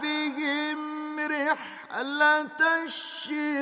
فيهم رحلة الشتاء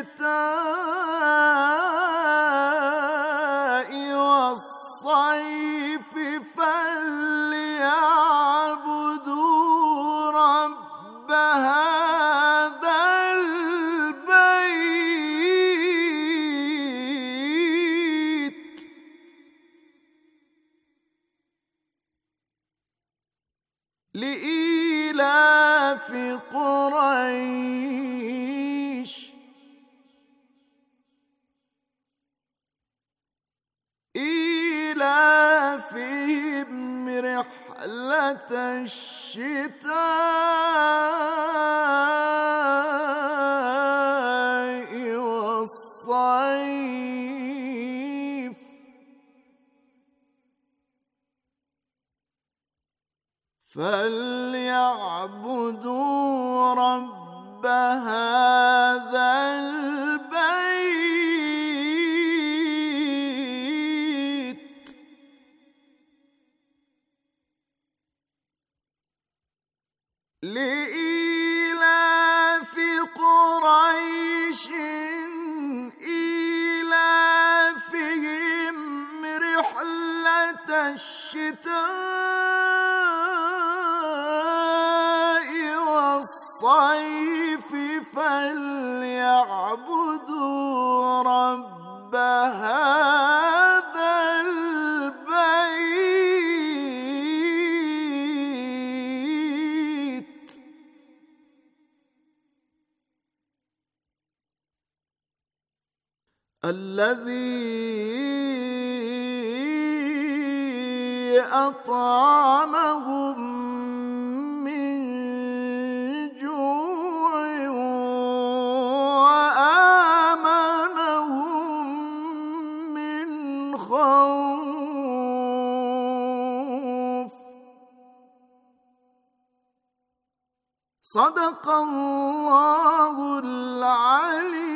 الذي أطعمهم من جوع وآمنهم من خوف صدق الله العليم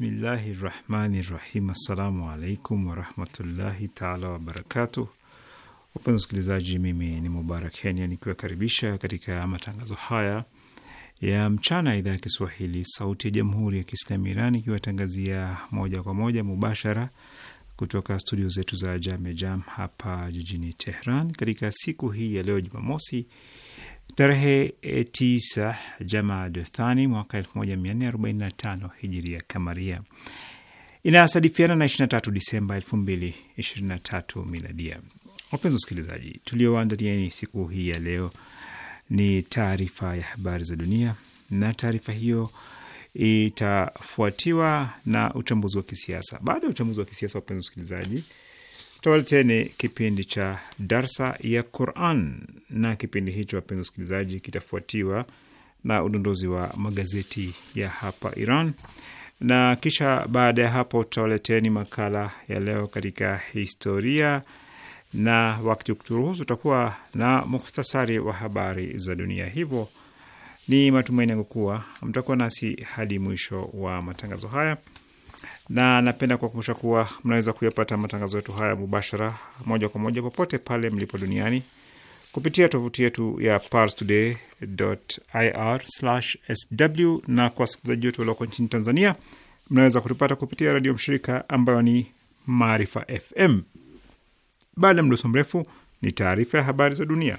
Bismillahi rahmani rahim. Assalamu alaikum warahmatullahi taala wabarakatuh. Wapenzi wasikilizaji, mimi ni Mubarak Kenya nikiwakaribisha katika matangazo haya ya mchana ya idhaa ya Kiswahili sauti ya jamhuri ya Kiislamu Iran ikiwatangazia moja kwa moja mubashara kutoka studio zetu za Jamejam hapa jijini Tehran katika siku hii ya leo Jumamosi tarehe 9 eh, Jamad Thani mwaka 1445 hijiria kamaria, inasadifiana na 23 Disemba 2023 miladia. Wapenzi wasikilizaji, tuliowaandalieni siku hii ya leo ni taarifa ya habari za dunia, na taarifa hiyo itafuatiwa na uchambuzi wa kisiasa. Baada ya uchambuzi wa kisiasa, wapenzi wasikilizaji tawaleteni kipindi cha darsa ya Quran na kipindi hicho, wapenzi wasikilizaji, kitafuatiwa na udondozi wa magazeti ya hapa Iran na kisha baada ya hapo tutawaleteni makala ya leo katika historia, na wakati kuturuhusu utakuwa na muhtasari wa habari za dunia. Hivyo ni matumaini yangu kuwa mtakuwa nasi hadi mwisho wa matangazo haya na napenda kuwakumbusha kuwa mnaweza kuyapata matangazo yetu haya mubashara, moja kwa moja, popote pale mlipo duniani kupitia tovuti yetu ya parstoday.ir/sw, na kwa wasikilizaji wetu walioko nchini Tanzania, mnaweza kutupata kupitia redio mshirika ambayo ni Maarifa FM. Baada ya mdoso mrefu, ni taarifa ya habari za dunia.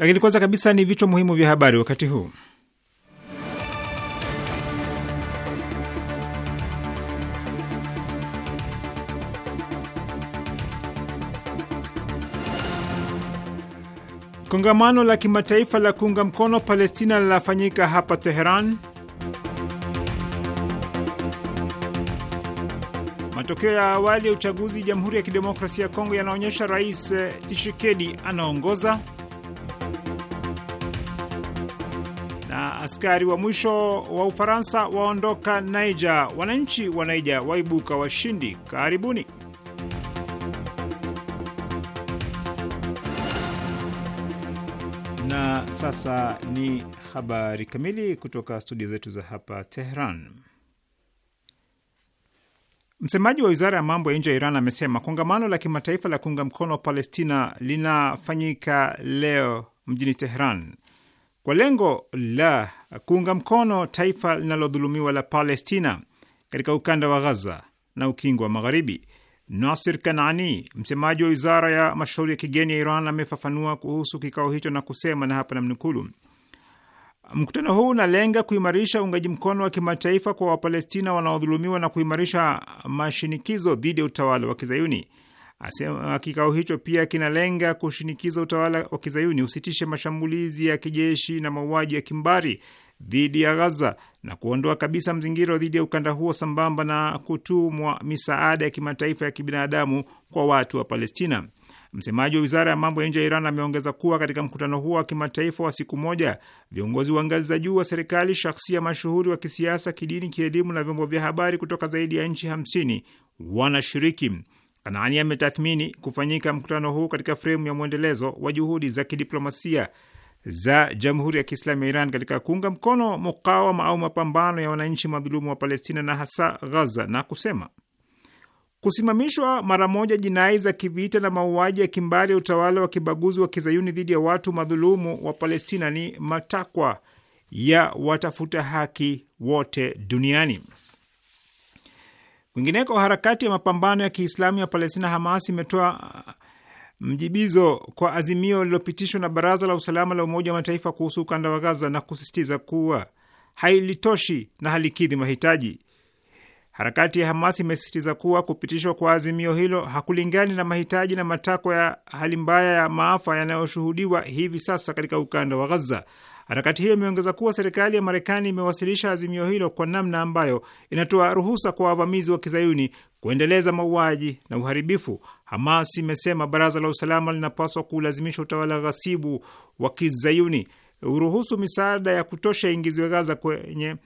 Lakini kwanza kabisa ni vichwa muhimu vya habari wakati huu. Kongamano la kimataifa la kuunga mkono Palestina linafanyika hapa Teheran. Matokeo ya awali ya uchaguzi Jamhuri ya Kidemokrasia ya Kongo yanaonyesha Rais Tshisekedi anaongoza. askari wa mwisho wa Ufaransa waondoka Niger. Wananchi wa Niger waibuka washindi. Karibuni. Na sasa ni habari kamili kutoka studio zetu za hapa Tehran. Msemaji wa wizara ya mambo ya nje ya Iran amesema kongamano la kimataifa la kuunga mkono Palestina linafanyika leo mjini Tehran kwa lengo la kuunga mkono taifa linalodhulumiwa la Palestina katika ukanda wa Ghaza na ukingo wa Magharibi. Nasir Kanani, msemaji wa wizara ya mashauri ya kigeni ya Iran, amefafanua kuhusu kikao hicho na kusema, na hapa namnukulu: mkutano huu unalenga kuimarisha uungaji mkono wa kimataifa kwa Wapalestina wanaodhulumiwa na kuimarisha mashinikizo dhidi ya utawala wa Kizayuni. Asema kikao hicho pia kinalenga kushinikiza utawala wa kizayuni usitishe mashambulizi ya kijeshi na mauaji ya kimbari dhidi ya Ghaza na kuondoa kabisa mzingiro dhidi ya ukanda huo sambamba na kutumwa misaada ya kimataifa ya kibinadamu kwa watu wa Palestina. Msemaji wa wizara ya mambo ya nje ya Iran ameongeza kuwa katika mkutano huo wa kimataifa wa siku moja, viongozi wa ngazi za juu wa serikali, shakhsia mashuhuri wa kisiasa, kidini, kielimu na vyombo vya habari kutoka zaidi ya nchi hamsini wanashiriki. Anani ametathmini kufanyika mkutano huu katika fremu ya mwendelezo wa juhudi za kidiplomasia za Jamhuri ya Kiislamu ya Iran katika kuunga mkono mukawama au mapambano ya wananchi madhulumu wa Palestina na hasa Ghaza, na kusema kusimamishwa mara moja jinai za kivita na mauaji ya kimbari ya utawala wa kibaguzi wa kizayuni dhidi ya watu madhulumu wa Palestina ni matakwa ya watafuta haki wote duniani. Kwingineko, harakati ya mapambano ya Kiislamu ya Palestina Hamas imetoa uh, mjibizo kwa azimio lililopitishwa na Baraza la Usalama la Umoja wa Mataifa kuhusu ukanda wa Gaza na kusisitiza kuwa hailitoshi na halikidhi mahitaji. Harakati ya Hamas imesisitiza kuwa kupitishwa kwa azimio hilo hakulingani na mahitaji na matakwa ya hali mbaya ya maafa yanayoshuhudiwa hivi sasa katika ukanda wa Gaza. Harakati hiyo imeongeza kuwa serikali ya Marekani imewasilisha azimio hilo kwa namna ambayo inatoa ruhusa kwa wavamizi wa kizayuni kuendeleza mauaji na uharibifu. Hamas imesema baraza la usalama linapaswa kulazimisha utawala ghasibu wa kizayuni uruhusu misaada ya kutosha ingizwe Gaza kwenye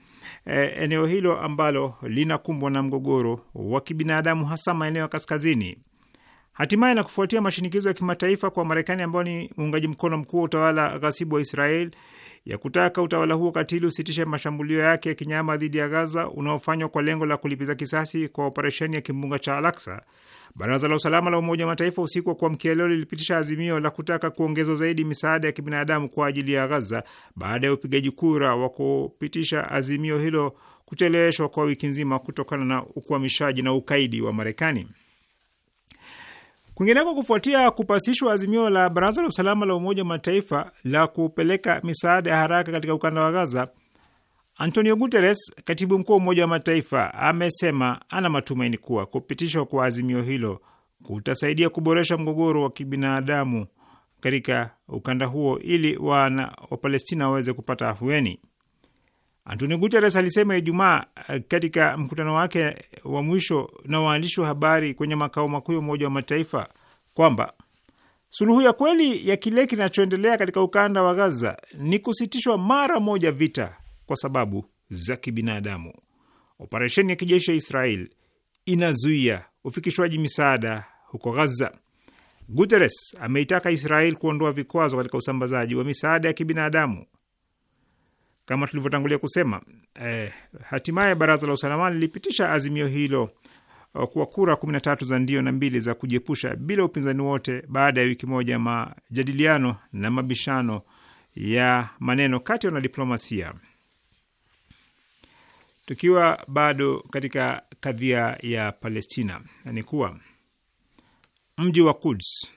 eh, eneo hilo ambalo linakumbwa na mgogoro wa kibinadamu hasa maeneo ya kaskazini. Hatimaye, na kufuatia mashinikizo ya kimataifa kwa Marekani ambayo ni muungaji mkono mkuu wa utawala ghasibu wa Israel ya kutaka utawala huo katili usitishe mashambulio yake ya kinyama dhidi ya Gaza unaofanywa kwa lengo la kulipiza kisasi kwa operesheni ya kimbunga cha alaksa Baraza la usalama la Umoja wa Mataifa usiku wa kuamkia leo lilipitisha azimio la kutaka kuongezwa zaidi misaada ya kibinadamu kwa ajili ya Gaza baada ya upigaji kura wa kupitisha azimio hilo kucheleweshwa kwa wiki nzima kutokana na ukwamishaji na ukaidi wa Marekani. Kwingineko, kufuatia kupasishwa azimio la Baraza la Usalama la Umoja wa Mataifa la kupeleka misaada ya haraka katika ukanda wa Gaza, Antonio Guterres, katibu mkuu wa Umoja wa Mataifa, amesema ana matumaini kuwa kupitishwa kwa azimio hilo kutasaidia kuboresha mgogoro wa kibinadamu katika ukanda huo ili wana wa Palestina waweze kupata afueni. Antonio Guterres alisema Ijumaa eh, katika mkutano wake wa mwisho na waandishi wa habari kwenye makao makuu ya Umoja wa Mataifa kwamba suluhu ya kweli ya kile kinachoendelea katika ukanda wa Gaza ni kusitishwa mara moja vita kwa sababu za kibinadamu. Operesheni ya kijeshi ya Israel inazuia ufikishwaji misaada huko Gaza. Guterres ameitaka Israel kuondoa vikwazo katika usambazaji wa misaada ya kibinadamu kama tulivyotangulia kusema eh, hatimaye baraza la usalama lilipitisha azimio hilo eh, kwa kura 13 za ndio na mbili za kujiepusha bila upinzani wote, baada ya wiki moja majadiliano na mabishano ya maneno kati ya wanadiplomasia. Tukiwa bado katika kadhia ya Palestina, ni kuwa mji wa Kuds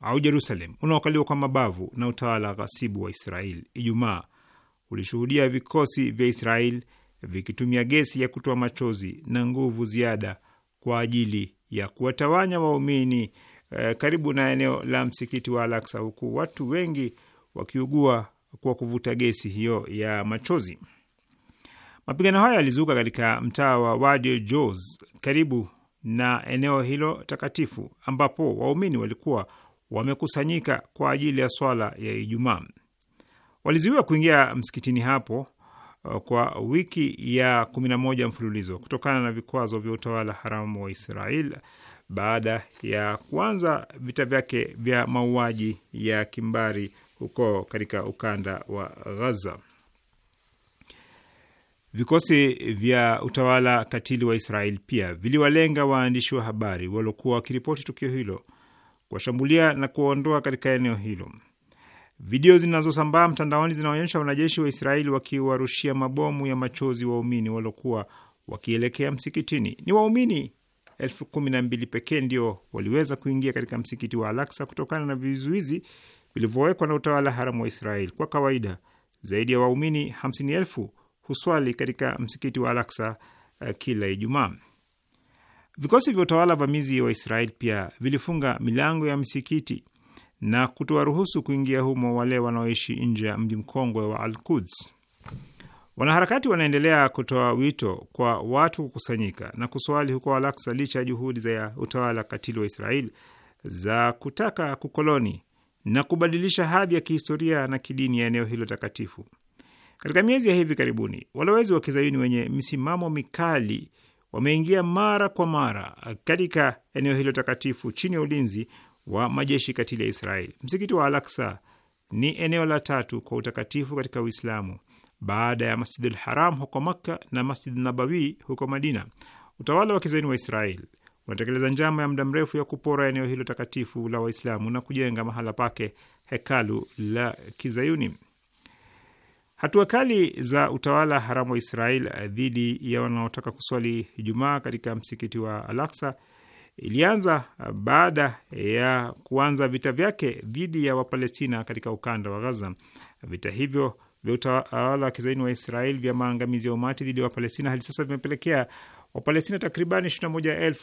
au Jerusalem unaokaliwa kwa mabavu na utawala ghasibu wa Israel Ijumaa ulishuhudia vikosi vya Israel vikitumia gesi ya kutoa machozi na nguvu ziada kwa ajili ya kuwatawanya waumini e, karibu na eneo la msikiti wa Alaksa, huku watu wengi wakiugua kwa kuvuta gesi hiyo ya machozi. Mapigano hayo yalizuka katika mtaa wa Wadi Jos karibu na eneo hilo takatifu ambapo waumini walikuwa wamekusanyika kwa ajili ya swala ya Ijumaa walizuiwa kuingia msikitini hapo uh, kwa wiki ya kumi na moja mfululizo kutokana na vikwazo vya utawala haramu wa Israel baada ya kuanza vita vyake vya mauaji ya kimbari huko katika ukanda wa Gaza. Vikosi vya utawala katili wa Israel pia viliwalenga waandishi wa habari waliokuwa wakiripoti tukio hilo, kuwashambulia na kuwaondoa katika eneo hilo. Video zinazosambaa mtandaoni zinaonyesha wanajeshi wa Israeli wakiwarushia mabomu ya machozi waumini waliokuwa wakielekea msikitini. Ni waumini elfu kumi na mbili pekee ndio waliweza kuingia katika msikiti wa Alaksa kutokana na vizuizi vilivyowekwa na utawala haramu wa Israeli. Kwa kawaida zaidi ya waumini hamsini elfu huswali katika msikiti wa Alaksa uh, eh, kila Ijumaa. Vikosi vya utawala vamizi wa Israeli pia vilifunga milango ya msikiti na kutowaruhusu kuingia humo wale wanaoishi nje ya mji mkongwe wa Al-Quds. Wanaharakati wanaendelea kutoa wito kwa watu kukusanyika na kuswali huko Al-Aqsa licha ya juhudi za utawala katili wa israel za kutaka kukoloni na kubadilisha hadhi ya kihistoria na kidini ya eneo hilo takatifu. Katika miezi ya hivi karibuni, walowezi wa kizayuni wenye misimamo mikali wameingia mara kwa mara katika eneo hilo takatifu chini ya ulinzi wa majeshi katili ya Israeli. Msikiti wa Al-Aqsa ni eneo la tatu kwa utakatifu katika Uislamu baada ya Masjidul Haram huko Makka na Masjid Nabawi huko Madina. Utawala wa kizaini wa Israeli unatekeleza njama ya muda mrefu ya kupora eneo hilo takatifu la Waislamu na kujenga mahala pake hekalu la kizayuni. Hatua kali za utawala haramu wa Israel dhidi ya wanaotaka kuswali Ijumaa katika msikiti wa Al-Aqsa ilianza uh, baada ya kuanza vita vyake dhidi ya Wapalestina katika ukanda wa Gaza. Vita hivyo vya utawala wa kizaini wa Israel vya maangamizi ya umati dhidi ya Wapalestina hadi sasa vimepelekea Wapalestina takribani elfu ishirini na moja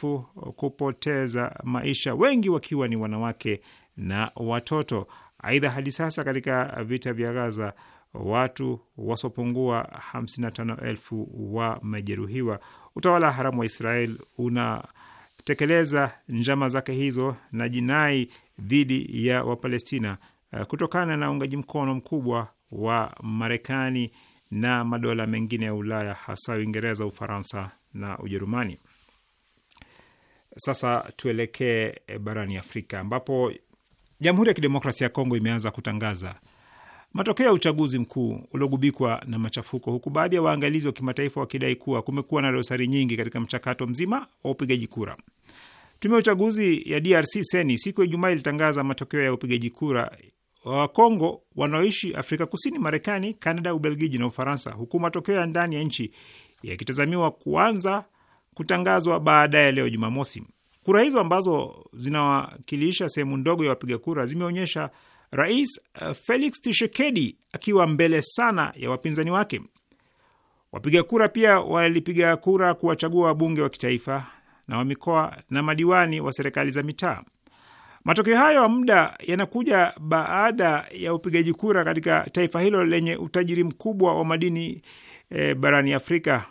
kupoteza maisha, wengi wakiwa ni wanawake na watoto. Aidha, hadi sasa katika vita vya Gaza watu wasiopungua elfu wamejeruhiwa. Utawala haramu wa Israel una kutekeleza njama zake hizo na jinai dhidi ya Wapalestina eh, kutokana na uungaji mkono mkubwa wa Marekani na madola mengine ya Ulaya, hasa Uingereza, Ufaransa na Ujerumani. Sasa tuelekee barani Afrika ambapo Jamhuri ya Kidemokrasia ya Kongo imeanza kutangaza matokeo ya uchaguzi mkuu uliogubikwa na machafuko, huku baadhi ya waangalizi wa kimataifa wakidai kuwa kumekuwa na dosari nyingi katika mchakato mzima wa upigaji kura. Tume ya uchaguzi ya DRC seni siku ya Ijumaa ilitangaza matokeo ya upigaji kura wa Wakongo wanaoishi Afrika Kusini, Marekani, Kanada, Ubelgiji na Ufaransa, huku matokeo ya ndani ya nchi yakitazamiwa kuanza kutangazwa baadaye leo Jumamosi. Kura hizo ambazo zinawakilisha sehemu ndogo ya wapiga kura zimeonyesha Rais eh, Felix Tshisekedi akiwa mbele sana ya wapinzani wake. Wapiga kura pia walipiga kura kuwachagua wabunge wa kitaifa na wa mikoa na madiwani wa serikali za mitaa. Matokeo hayo ya muda yanakuja baada ya upigaji kura katika taifa hilo lenye utajiri mkubwa wa madini e, barani Afrika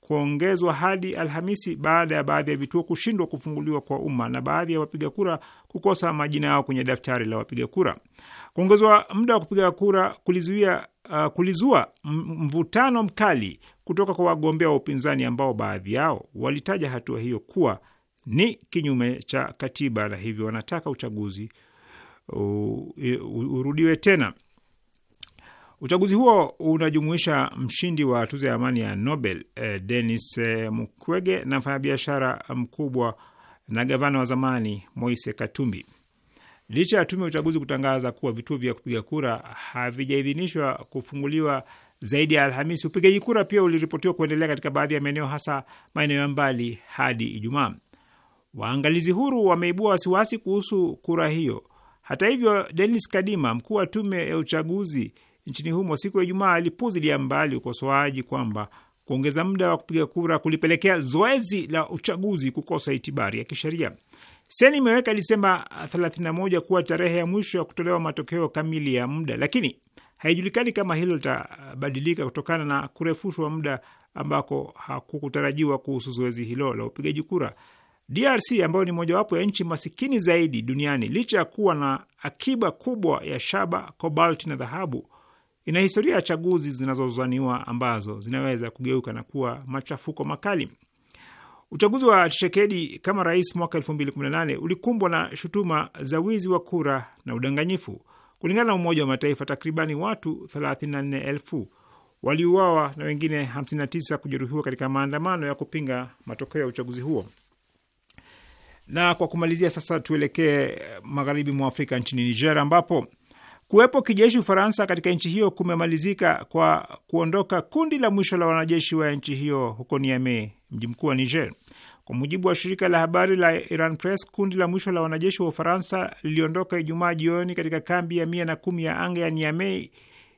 kuongezwa hadi Alhamisi baada ya baadhi ya vituo kushindwa kufunguliwa kwa umma na baadhi ya wapiga kura kukosa majina yao kwenye daftari la wapiga kura. Kuongezwa muda wa kupiga kura kulizuia, uh, kulizua mvutano mkali kutoka kwa wagombea wa upinzani ambao baadhi yao walitaja hatua hiyo kuwa ni kinyume cha katiba na hivyo wanataka uchaguzi urudiwe tena. Uchaguzi huo unajumuisha mshindi wa tuzo ya amani ya Nobel eh, Denis eh, Mukwege na mfanyabiashara mkubwa na gavana wa zamani Moise Katumbi. Licha ya tume ya uchaguzi kutangaza kuwa vituo vya kupiga kura havijaidhinishwa kufunguliwa zaidi ya Alhamisi, upigaji kura pia uliripotiwa kuendelea katika baadhi ya maeneo, hasa maeneo ya mbali hadi Ijumaa. Waangalizi huru wameibua wasiwasi kuhusu kura hiyo. Hata hivyo, Denis Kadima, mkuu wa tume ya uchaguzi nchini humo, siku ya Ijumaa alipuzilia mbali ukosoaji kwamba kuongeza muda wa kupiga kura kulipelekea zoezi la uchaguzi kukosa itibari ya kisheria. Seni imeweka Disemba 31 kuwa tarehe ya mwisho ya kutolewa matokeo kamili ya muda, lakini Haijulikani kama hilo litabadilika kutokana na kurefushwa muda ambako hakukutarajiwa kuhusu zoezi hilo la upigaji kura. DRC ambayo ni mojawapo ya nchi masikini zaidi duniani, licha ya kuwa na akiba kubwa ya shaba, kobalti na dhahabu, ina historia ya chaguzi zinazozaniwa ambazo zinaweza kugeuka na kuwa machafuko makali. Uchaguzi wa Tshisekedi kama rais mwaka 2018 ulikumbwa na shutuma za wizi wa kura na udanganyifu. Kulingana na Umoja wa Mataifa, takribani watu 34,000 waliuawa na wengine 59 kujeruhiwa katika maandamano ya kupinga matokeo ya uchaguzi huo. Na kwa kumalizia, sasa tuelekee magharibi mwa Afrika, nchini Niger ambapo kuwepo kijeshi Ufaransa katika nchi hiyo kumemalizika kwa kuondoka kundi la mwisho la wanajeshi wa nchi hiyo huko Niamey, mji mkuu wa Niger. Kwa mujibu wa shirika la habari la Iran Press, kundi la mwisho la wanajeshi wa Ufaransa liliondoka Ijumaa jioni katika kambi ya mia na kumi ya anga ya Niamey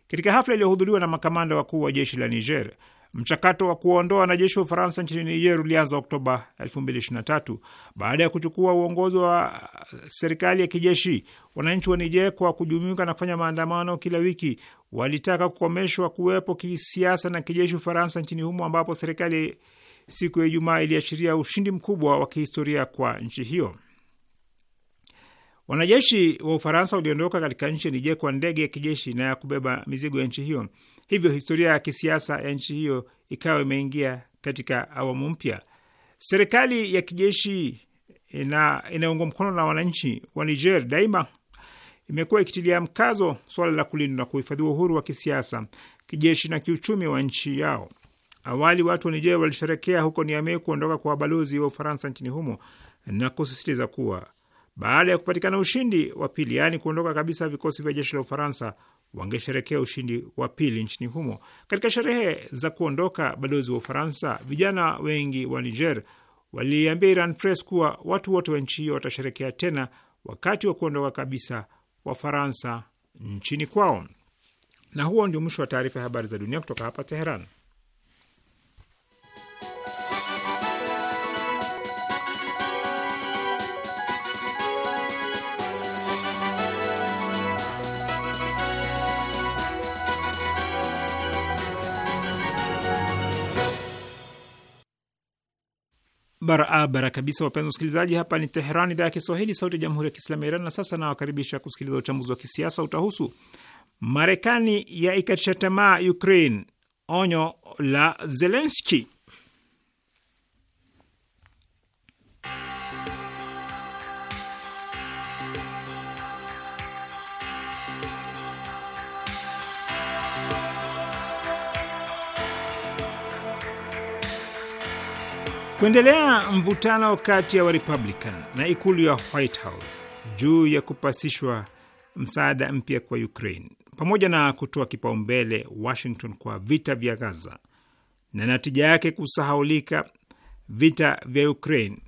katika hafla iliyohudhuriwa na makamanda wakuu wa jeshi la Niger. Mchakato wa kuwaondoa wanajeshi wa Ufaransa nchini Niger ulianza Oktoba 2023 baada ya kuchukua uongozi wa serikali ya kijeshi. Wananchi wa Niger, kwa kujumuika na kufanya maandamano kila wiki, walitaka kukomeshwa kuwepo kisiasa na kijeshi Ufaransa nchini humo, ambapo serikali siku ya Ijumaa iliashiria ushindi mkubwa wa kihistoria kwa nchi hiyo. Wanajeshi wa Ufaransa waliondoka katika nchi ya Niger kwa ndege ya kijeshi na ya kubeba mizigo ya nchi hiyo, hivyo historia ya kisiasa ya nchi hiyo ikawa imeingia katika awamu mpya. Serikali ya kijeshi na mkono na wananchi wa Niger daima imekuwa ikitilia mkazo swala la kulindwa na kuhifadhiwa uhuru wa kisiasa, kijeshi na kiuchumi wa nchi yao. Awali watu wa Nigeria walisherekea huko Niamey kuondoka kwa balozi wa Ufaransa nchini humo na kusisitiza kuwa baada ya kupatikana ushindi wa pili, yaani kuondoka kabisa vikosi vya jeshi la Ufaransa, wangesherekea ushindi wa pili nchini humo. Katika sherehe za kuondoka balozi wa Ufaransa, vijana wengi wa Niger waliambia Iran Press kuwa watu wote wa nchi hiyo watasherekea tena wakati wa kuondoka kabisa Wafaransa nchini kwao. Na huo ndio mwisho wa taarifa ya habari za dunia kutoka hapa Teheran. barabara kabisa, wapenzi wasikilizaji. Hapa ni Teheran, idhaa ya Kiswahili, sauti ya jamhuri ya kiislamu ya Iran. Na sasa nawakaribisha kusikiliza uchambuzi wa kisiasa. Utahusu Marekani ya ikatisha tamaa Ukraine, onyo la Zelenski. Kuendelea mvutano kati ya Warepublican na ikulu ya White House juu ya kupasishwa msaada mpya kwa Ukraine pamoja na kutoa kipaumbele Washington kwa vita vya Gaza na natija yake kusahaulika vita vya Ukraine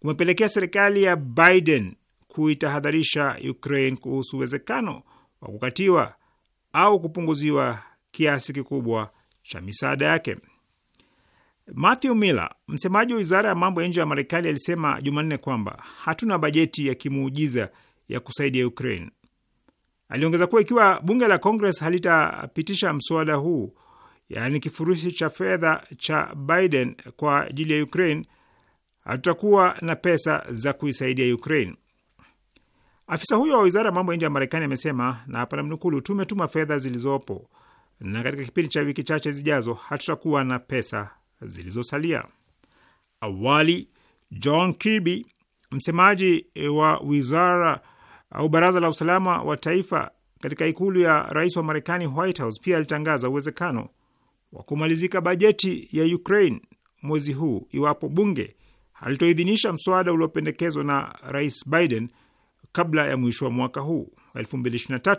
kumepelekea serikali ya Biden kuitahadharisha Ukraine kuhusu uwezekano wa kukatiwa au kupunguziwa kiasi kikubwa cha misaada yake. Matthew Miller, msemaji wa wizara ya mambo ya nje ya Marekani, alisema Jumanne kwamba hatuna bajeti ya kimuujiza ya kusaidia Ukraine. Aliongeza kuwa ikiwa bunge la Congress halitapitisha mswada huu, yaani kifurushi cha fedha cha Biden kwa ajili ya Ukraine, hatutakuwa na pesa za kuisaidia Ukraine. Afisa huyo wa wizara ya mambo ya nje ya Marekani amesema, na hapa namnukuu, tumetuma fedha zilizopo na katika kipindi cha wiki chache zijazo hatutakuwa na pesa zilizosalia. Awali, John Kirby, msemaji wa wizara au baraza la usalama wa taifa katika ikulu ya rais wa Marekani, White House, pia alitangaza uwezekano wa kumalizika bajeti ya Ukraine mwezi huu iwapo bunge halitoidhinisha mswada uliopendekezwa na rais Biden kabla ya mwisho wa mwaka huu 2023.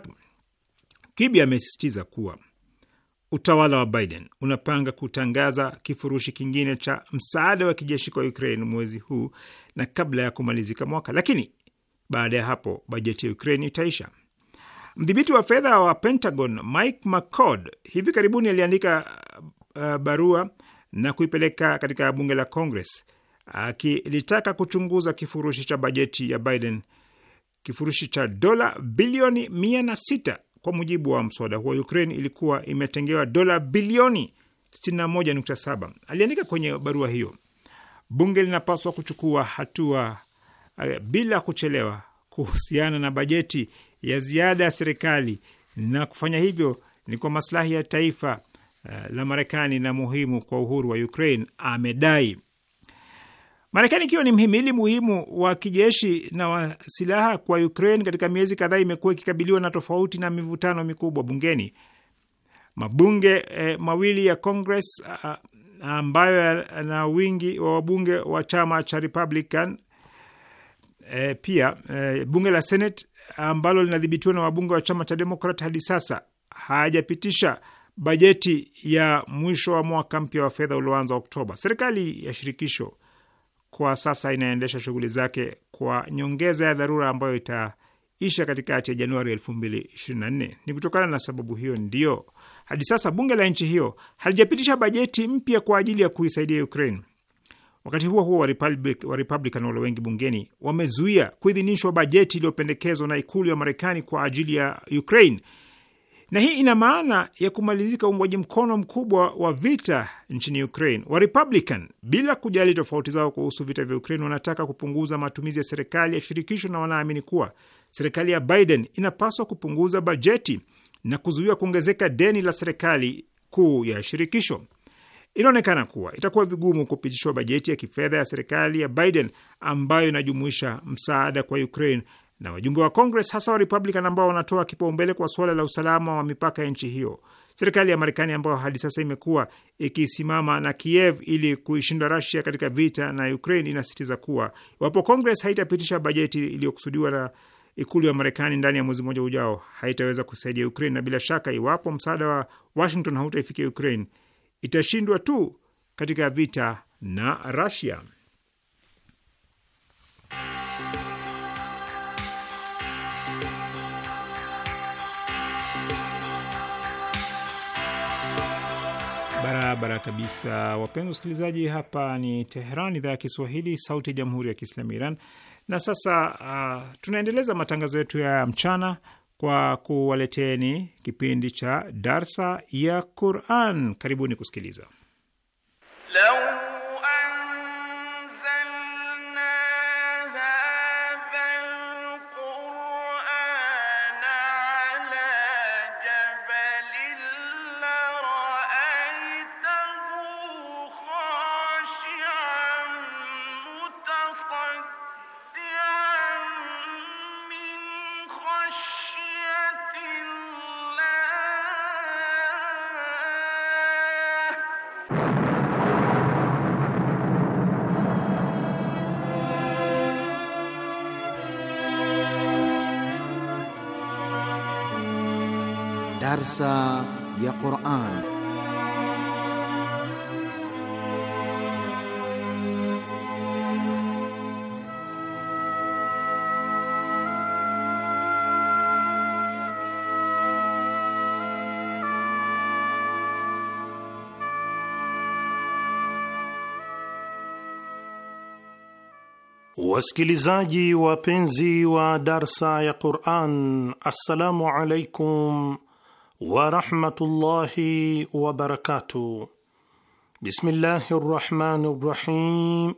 Kibi amesisitiza kuwa utawala wa Biden unapanga kutangaza kifurushi kingine cha msaada wa kijeshi kwa Ukraine mwezi huu na kabla ya kumalizika mwaka, lakini baada ya hapo bajeti ya Ukraine itaisha. Mdhibiti wa fedha wa Pentagon Mike McCord hivi karibuni aliandika uh, barua na kuipeleka katika bunge la Congress akilitaka uh, kuchunguza kifurushi cha bajeti ya Biden, kifurushi cha dola bilioni mia na sita kwa mujibu wa mswada huo, Ukraine ilikuwa imetengewa dola bilioni 61.7. Aliandika kwenye barua hiyo, bunge linapaswa kuchukua hatua uh, bila kuchelewa kuhusiana na bajeti ya ziada ya serikali, na kufanya hivyo ni kwa maslahi ya taifa uh, la Marekani na muhimu kwa uhuru wa Ukraine, amedai. Marekani ikiwa ni mhimili muhimu wa kijeshi na wa silaha kwa Ukraine katika miezi kadhaa, imekuwa ikikabiliwa na tofauti na mivutano mikubwa bungeni. Mabunge e, mawili ya Congress ah, ah, ambayo yana wingi wa wabunge wa chama cha Republican e, pia e, bunge la Senate ambalo linadhibitiwa na wabunge wa chama cha demokrat hadi sasa hayajapitisha bajeti ya mwisho wa mwaka mpya wa fedha ulioanza Oktoba. Serikali ya shirikisho kwa sasa inaendesha shughuli zake kwa nyongeza ya dharura ambayo itaisha katikati ya Januari 2024. Ni kutokana na sababu hiyo ndiyo hadi sasa bunge la nchi hiyo halijapitisha bajeti mpya kwa ajili ya kuisaidia Ukraine. Wakati huo huo, wa Republican wengi bungeni wamezuia kuidhinishwa bajeti iliyopendekezwa na ikulu ya Marekani kwa ajili ya Ukraine na hii ina maana ya kumalizika uungwaji mkono mkubwa wa vita nchini Ukraine. Wa Republican, bila kujali tofauti zao kuhusu vita vya Ukraine, wanataka kupunguza matumizi ya serikali ya shirikisho na wanaamini kuwa serikali ya Biden inapaswa kupunguza bajeti na kuzuia kuongezeka deni la serikali kuu ya shirikisho. Inaonekana kuwa itakuwa vigumu kupitishwa bajeti ya kifedha ya serikali ya Biden ambayo inajumuisha msaada kwa Ukraine na wajumbe wa Congress hasa wa Republican ambao wanatoa kipaumbele kwa suala la usalama wa mipaka ya nchi hiyo. Serikali ya Marekani ambayo hadi sasa imekuwa ikisimama na Kiev ili kuishinda Russia katika vita na Ukraine inasisitiza kuwa iwapo Congress haitapitisha bajeti iliyokusudiwa na ikulu ya Marekani ndani ya mwezi mmoja ujao, haitaweza kusaidia Ukraine, na bila shaka, iwapo msaada wa Washington hautaifikia Ukraine, itashindwa tu katika vita na rusia Barabara kabisa, wapenzi wasikilizaji, hapa ni Teheran, idhaa ya Kiswahili, sauti ya jamhuri ya kiislamu Iran. Na sasa uh, tunaendeleza matangazo yetu ya mchana kwa kuwaleteni kipindi cha darsa ya Quran. Karibuni kusikiliza Leo. درس يا قرآن Wasikilizaji wapenzi wa darsa ya Quran, assalamu alaikum wa rahmatullahi wa barakatuh. Bismillahir Rahmanir Rahim.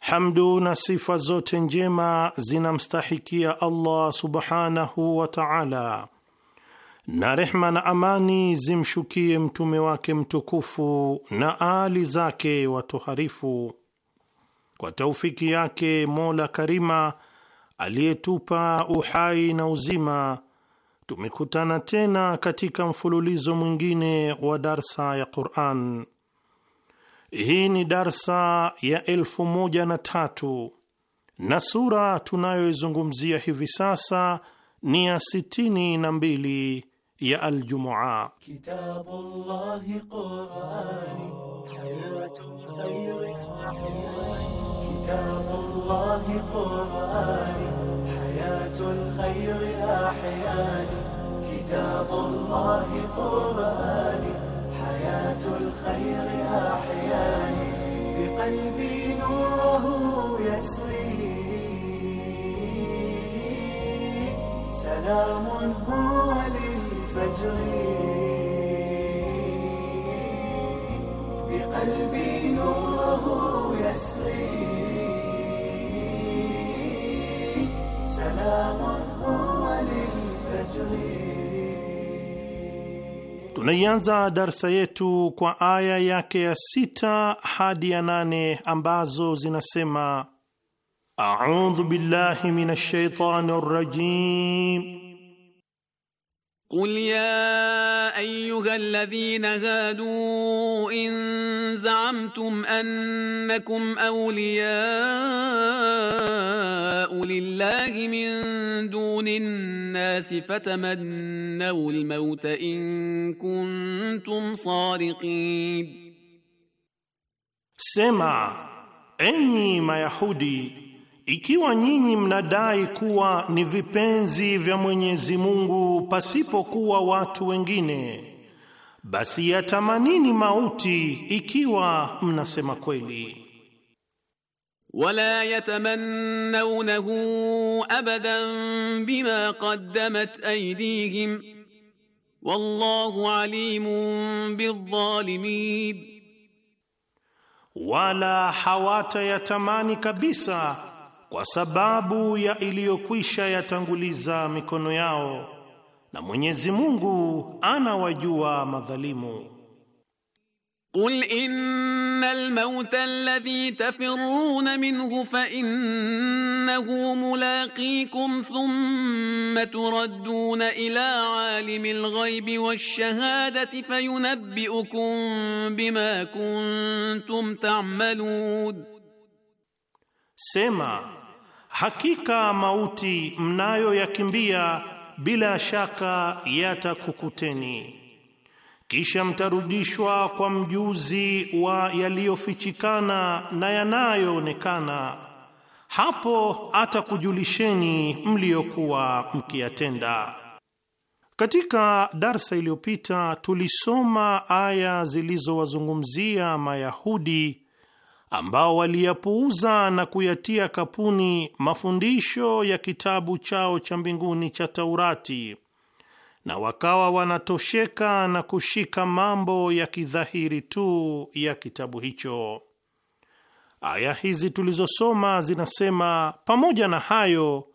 Hamdu na sifa zote njema zinamstahikia Allah subhanahu wa ta'ala, na rehma na amani zimshukie mtume wake mtukufu na ali zake watoharifu. Kwa taufiki yake Mola Karima aliyetupa uhai na uzima tumekutana tena katika mfululizo mwingine wa darsa ya Quran. Hii ni darsa ya elfu moja na tatu na sura tunayoizungumzia hivi sasa ni ya sitini na mbili ya Aljumua. Kitabullahi Qurani الخير أحياني كتاب الله قرآني حياة الخير أحياني بقلبي نوره يسري سلام هو للفجر بقلبي نوره يسري Tunaianza darsa yetu kwa aya yake ya sita hadi ya nane ambazo zinasema: audhu billahi minash shaitani rajim قل يا ايها الذين هادوا ان زعمتم انكم اولياء لله من دون الناس فتمنوا الموت ان كنتم صادقين سمع أني ما يحودي Ikiwa nyinyi mnadai kuwa ni vipenzi vya Mwenyezi Mungu pasipokuwa watu wengine, basi yatamanini mauti ikiwa mnasema kweli. Wala yatamannawnahu abadan bima qaddamat aydihim wallahu alimun bidh-dhalimin, wala hawatayatamani kabisa kwa sababu ya iliyokwisha yatanguliza mikono yao na Mwenyezi Mungu anawajua madhalimu. Qul innal mauta alladhi tafirruna minhu fa innahu mulaqikum thumma turadduna ila alimil ghaibi wash shahadati fayunabbiukum bima kuntum ta'malun. Sema Hakika mauti mnayoyakimbia bila shaka yatakukuteni, kisha mtarudishwa kwa mjuzi wa yaliyofichikana na yanayoonekana, hapo atakujulisheni mliokuwa mkiyatenda. Katika darsa iliyopita tulisoma aya zilizowazungumzia Mayahudi ambao waliyapuuza na kuyatia kapuni mafundisho ya kitabu chao cha mbinguni cha Taurati na wakawa wanatosheka na kushika mambo ya kidhahiri tu ya kitabu hicho. Aya hizi tulizosoma zinasema, pamoja na hayo,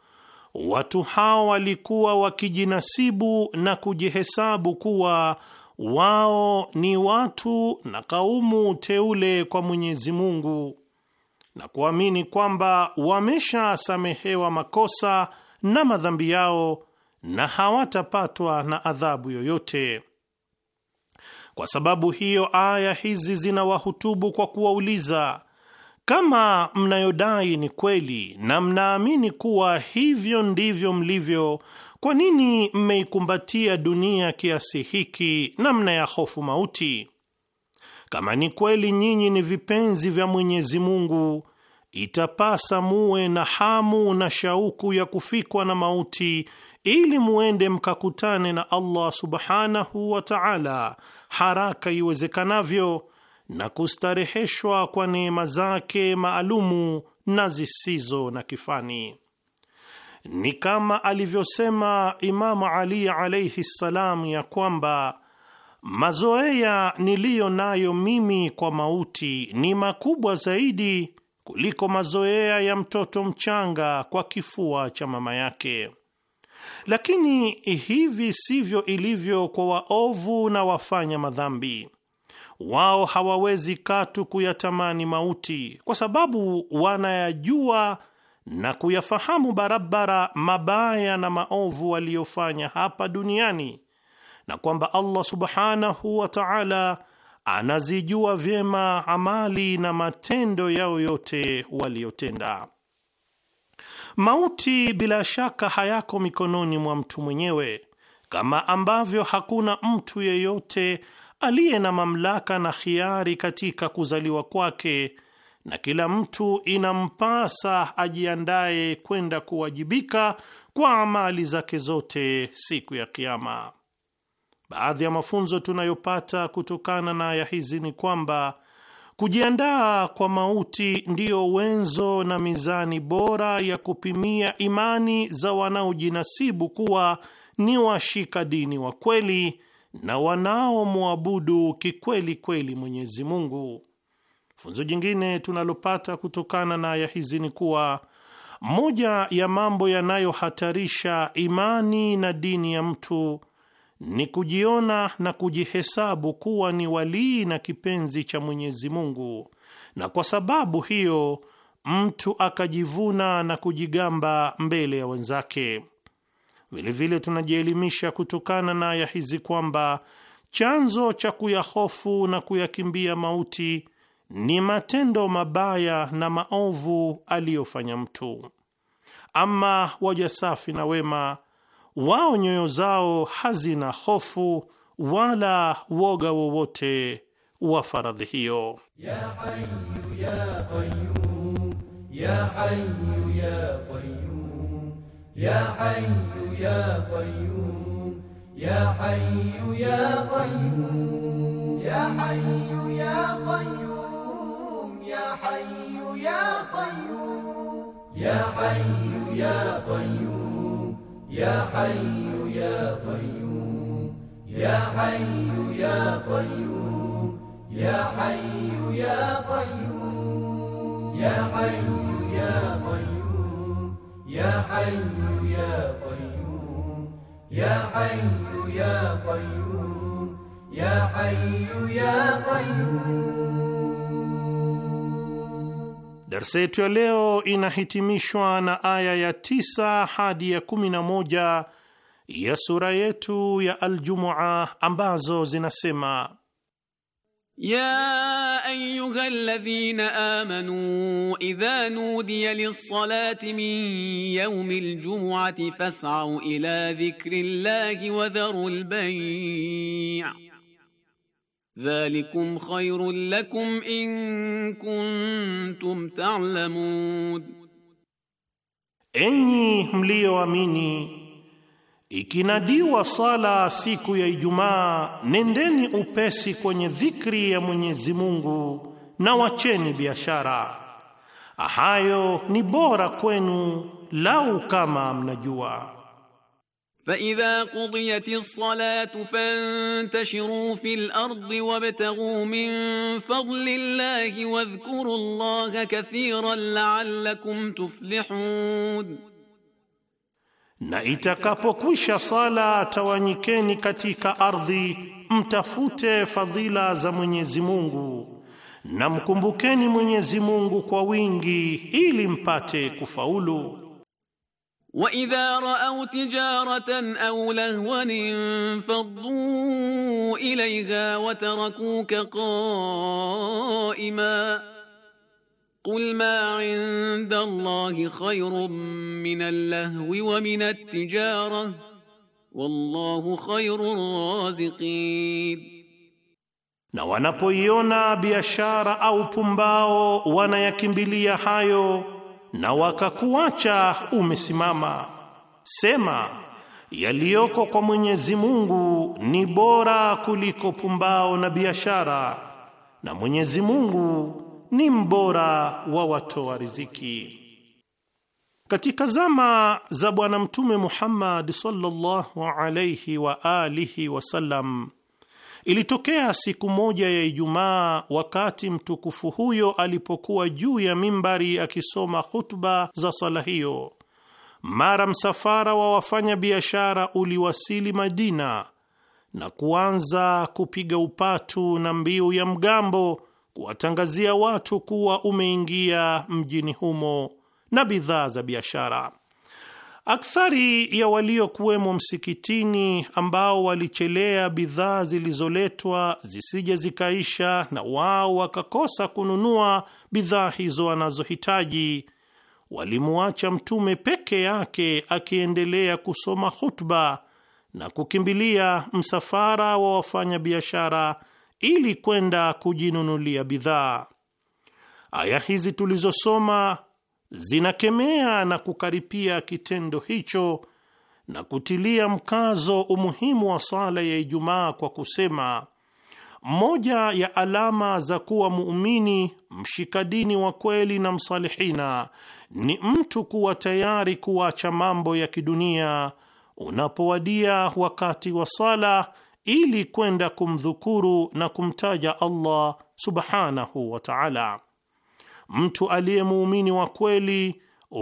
watu hao walikuwa wakijinasibu na kujihesabu kuwa wao ni watu na kaumu teule kwa Mwenyezi Mungu na kuamini kwamba wameshasamehewa makosa na madhambi yao na hawatapatwa na adhabu yoyote. Kwa sababu hiyo, aya hizi zinawahutubu kwa kuwauliza, kama mnayodai ni kweli na mnaamini kuwa hivyo ndivyo mlivyo kwa nini mmeikumbatia dunia kiasi hiki namna ya hofu mauti? Kama ni kweli nyinyi ni vipenzi vya Mwenyezi Mungu, itapasa muwe na hamu na shauku ya kufikwa na mauti ili muende mkakutane na Allah subhanahu wa ta'ala haraka iwezekanavyo na kustareheshwa kwa neema zake maalumu na zisizo na kifani ni kama alivyosema Imamu Ali alaihi ssalam, ya kwamba mazoea niliyo nayo mimi kwa mauti ni makubwa zaidi kuliko mazoea ya mtoto mchanga kwa kifua cha mama yake. Lakini hivi sivyo ilivyo kwa waovu na wafanya madhambi. Wao hawawezi katu kuyatamani mauti, kwa sababu wanayajua na kuyafahamu barabara mabaya na maovu waliyofanya hapa duniani na kwamba Allah subhanahu wa ta'ala anazijua vyema amali na matendo yao yote waliyotenda. Mauti bila shaka hayako mikononi mwa mtu mwenyewe, kama ambavyo hakuna mtu yeyote aliye na mamlaka na khiari katika kuzaliwa kwake na kila mtu inampasa ajiandaye kwenda kuwajibika kwa amali zake zote siku ya Kiama. Baadhi ya mafunzo tunayopata kutokana na aya hizi ni kwamba kujiandaa kwa mauti ndiyo wenzo na mizani bora ya kupimia imani za wanaojinasibu kuwa ni washika dini wa kweli na wanaomwabudu kikweli kweli Mwenyezi Mungu. Funzo jingine tunalopata kutokana na aya hizi ni kuwa moja ya mambo yanayohatarisha imani na dini ya mtu ni kujiona na kujihesabu kuwa ni walii na kipenzi cha Mwenyezi Mungu, na kwa sababu hiyo mtu akajivuna na kujigamba mbele ya wenzake. Vilevile tunajielimisha kutokana na aya hizi kwamba chanzo cha kuyahofu na kuyakimbia mauti ni matendo mabaya na maovu aliyofanya mtu. Ama waja safi na wema, wao nyoyo zao hazina hofu wala woga wowote wa faradhi hiyo. ya hayu ya qayyum, ya ya qayyum يا حي يا قيوم يا حي يا قيوم يا حي يا قيوم يا حي يا قيوم يا حي يا قيوم يا حي يا قيوم يا حي يا قيوم يا حي يا قيوم يا حي يا قيوم Darsa yetu ya leo inahitimishwa na aya ya tisa hadi ya kumi na moja ya sura yetu ya Aljumua ambazo zinasema: ya ayuha alladhina amanu idha nudiya lissalati min yaumi aljumuati fasau ila dhikri llahi wadharu lbai' Dhalikum khairun lakum in kuntum ta'lamun, enyi mliyoamini ikinadiwa sala siku ya Ijumaa, nendeni upesi kwenye dhikri ya Mwenyezi Mungu na wacheni biashara. Hayo ni bora kwenu lau kama mnajua. فإذا قضيت الصلاة فانتشروا في الأرض وابتغوا من فضل الله واذكروا الله كثيرا لعلكم تفلحون na itakapokwisha sala tawanyikeni katika ardhi mtafute fadhila za Mwenyezi Mungu na mkumbukeni Mwenyezi Mungu kwa wingi ili mpate kufaulu واذا راوا تجاره او لهوا انفضوا اليها وتركوك قائما قل ما عند الله خير من اللهو ومن التجاره والله خير الرازقين na wanapoiona biashara au pumbao wanayakimbilia hayo na wakakuacha umesimama. Sema, yaliyoko kwa Mwenyezi Mungu ni bora kuliko pumbao na biashara, na Mwenyezi Mungu ni mbora wa watoa riziki. Katika zama za Bwana Mtume Muhammad sallallahu alayhi wa alihi wasallam Ilitokea siku moja ya Ijumaa, wakati mtukufu huyo alipokuwa juu ya mimbari akisoma khutba za sala hiyo, mara msafara wa wafanya biashara uliwasili Madina na kuanza kupiga upatu na mbiu ya mgambo kuwatangazia watu kuwa umeingia mjini humo na bidhaa za biashara. Akthari ya waliokuwemo msikitini ambao walichelea bidhaa zilizoletwa zisije zikaisha na wao wakakosa kununua bidhaa hizo wanazohitaji, walimwacha Mtume peke yake akiendelea kusoma hutba na kukimbilia msafara wa wafanyabiashara ili kwenda kujinunulia bidhaa. Aya hizi tulizosoma zinakemea na kukaripia kitendo hicho na kutilia mkazo umuhimu wa sala ya Ijumaa kwa kusema, moja ya alama za kuwa muumini mshikadini wa kweli na msalihina ni mtu kuwa tayari kuacha mambo ya kidunia unapowadia wakati wa sala ili kwenda kumdhukuru na kumtaja Allah subhanahu wa ta'ala mtu aliye muumini wa kweli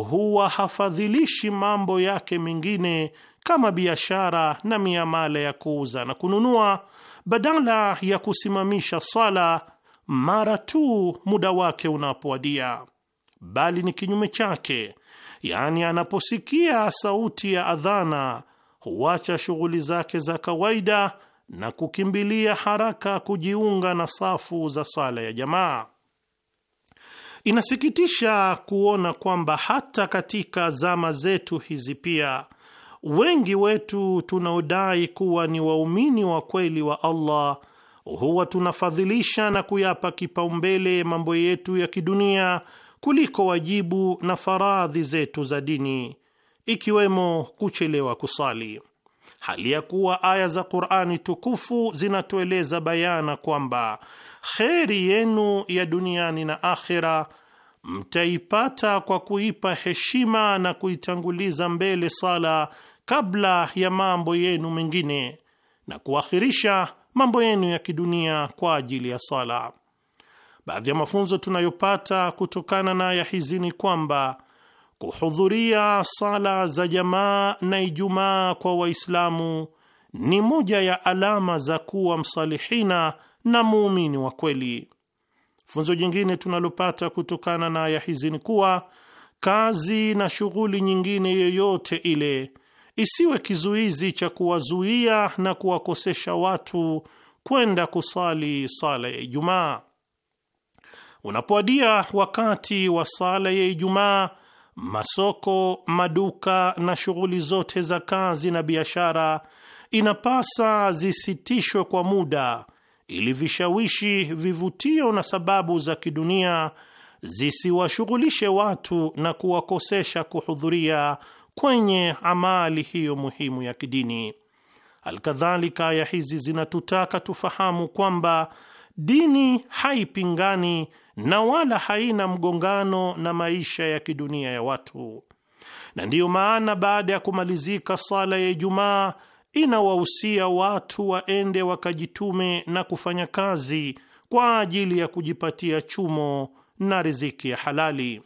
huwa hafadhilishi mambo yake mengine kama biashara na miamala ya kuuza na kununua, badala ya kusimamisha swala mara tu muda wake unapowadia, bali ni kinyume chake, yaani anaposikia sauti ya adhana huacha shughuli zake za kawaida na kukimbilia haraka kujiunga na safu za sala ya jamaa. Inasikitisha kuona kwamba hata katika zama zetu hizi pia wengi wetu tunaodai kuwa ni waumini wa kweli wa Allah huwa tunafadhilisha na kuyapa kipaumbele mambo yetu ya kidunia kuliko wajibu na faradhi zetu za dini, ikiwemo kuchelewa kusali, hali ya kuwa aya za Qur'ani tukufu zinatueleza bayana kwamba kheri yenu ya duniani na akhera mtaipata kwa kuipa heshima na kuitanguliza mbele sala kabla ya mambo yenu mengine na kuakhirisha mambo yenu ya kidunia kwa ajili ya sala. Baadhi ya mafunzo tunayopata kutokana na ya hizi ni kwamba kuhudhuria sala za jamaa na Ijumaa kwa Waislamu ni moja ya alama za kuwa msalihina na muumini wa kweli. Funzo jingine tunalopata kutokana na aya hizi ni kuwa kazi na shughuli nyingine yoyote ile isiwe kizuizi cha kuwazuia na kuwakosesha watu kwenda kusali sala ya Ijumaa. Unapoadia wakati wa sala ya Ijumaa, masoko, maduka na shughuli zote za kazi na biashara inapasa zisitishwe kwa muda ili vishawishi, vivutio na sababu za kidunia zisiwashughulishe watu na kuwakosesha kuhudhuria kwenye amali hiyo muhimu ya kidini. Alkadhalika, aya hizi zinatutaka tufahamu kwamba dini haipingani na wala haina mgongano na maisha ya kidunia ya watu, na ndiyo maana baada ya kumalizika sala ya Ijumaa inawahusia watu waende wakajitume na kufanya kazi kwa ajili ya kujipatia chumo na riziki ya halali.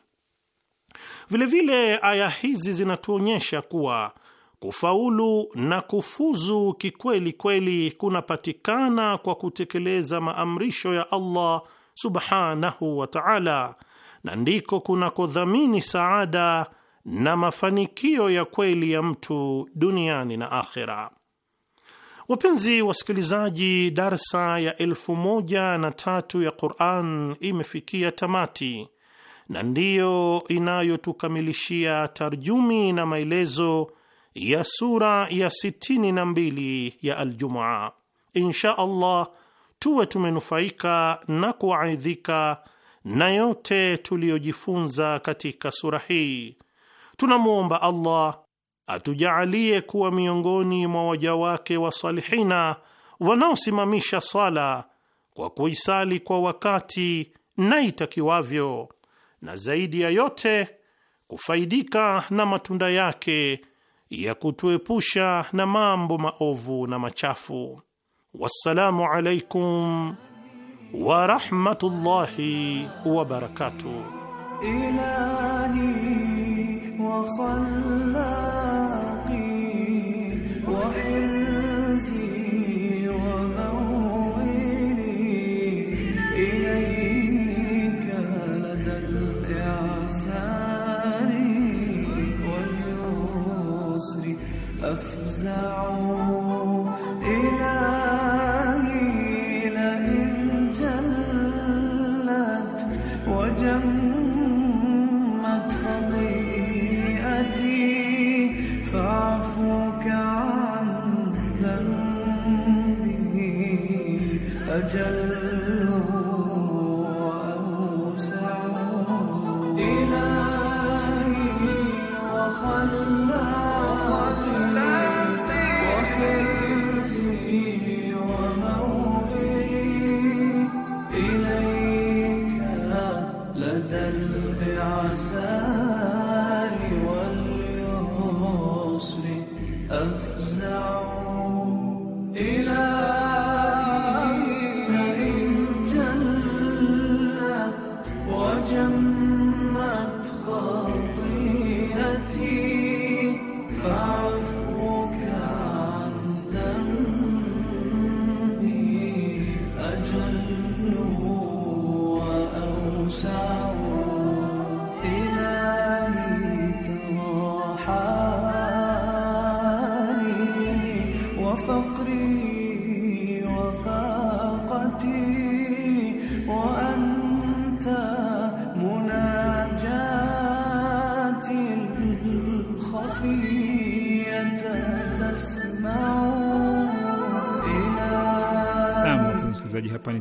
Vilevile, aya hizi zinatuonyesha kuwa kufaulu na kufuzu kikweli kweli kunapatikana kwa kutekeleza maamrisho ya Allah subhanahu wa ta'ala, na ndiko kunakodhamini saada na mafanikio ya kweli ya mtu duniani na akhera. Wapenzi wasikilizaji, darsa ya elfu moja na tatu ya Quran imefikia tamati na ndiyo inayotukamilishia tarjumi na maelezo ya sura ya sitini na mbili ya aljumua Insha Allah tuwe tumenufaika na kuaidhika na yote tuliyojifunza katika sura hii. Tunamwomba Allah atujaalie kuwa miongoni mwa waja wake wasalihina wanaosimamisha sala kwa kuisali kwa wakati na itakiwavyo, na zaidi ya yote kufaidika na matunda yake ya kutuepusha na mambo maovu na machafu. Wassalamu alaikum wa rahmatullahi wa barakatuh.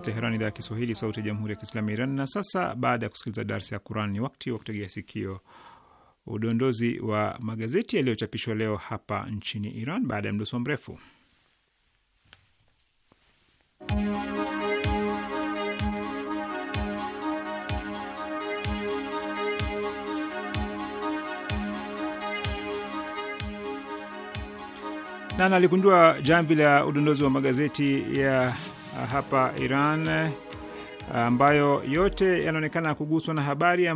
ni Teherani, idhaa ya Kiswahili, sauti ya jamhuri ya kiislamu ya Iran. Na sasa baada ya kusikiliza darsa ya Quran ni wakati wa kutegea sikio udondozi wa magazeti yaliyochapishwa leo hapa nchini Iran baada ya mdoso mrefu. na nalikunjua jamvi la udondozi wa magazeti ya hapa Iran ambayo yote yanaonekana kuguswa na habari ya